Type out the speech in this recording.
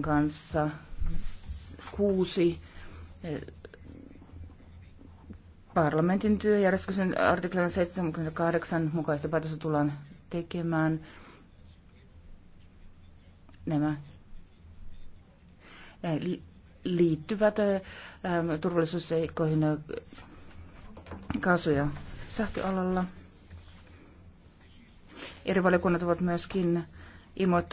kanssa kuusi eh, parlamentin työjärjestyksen artiklan 78 mukaista päätöstä tullaan tekemään. Nämä eh, liittyvät eh, turvallisuusseikkoihin kaasu- ja sähköalalla. Eri valiokunnat ovat myöskin ilmoittaneet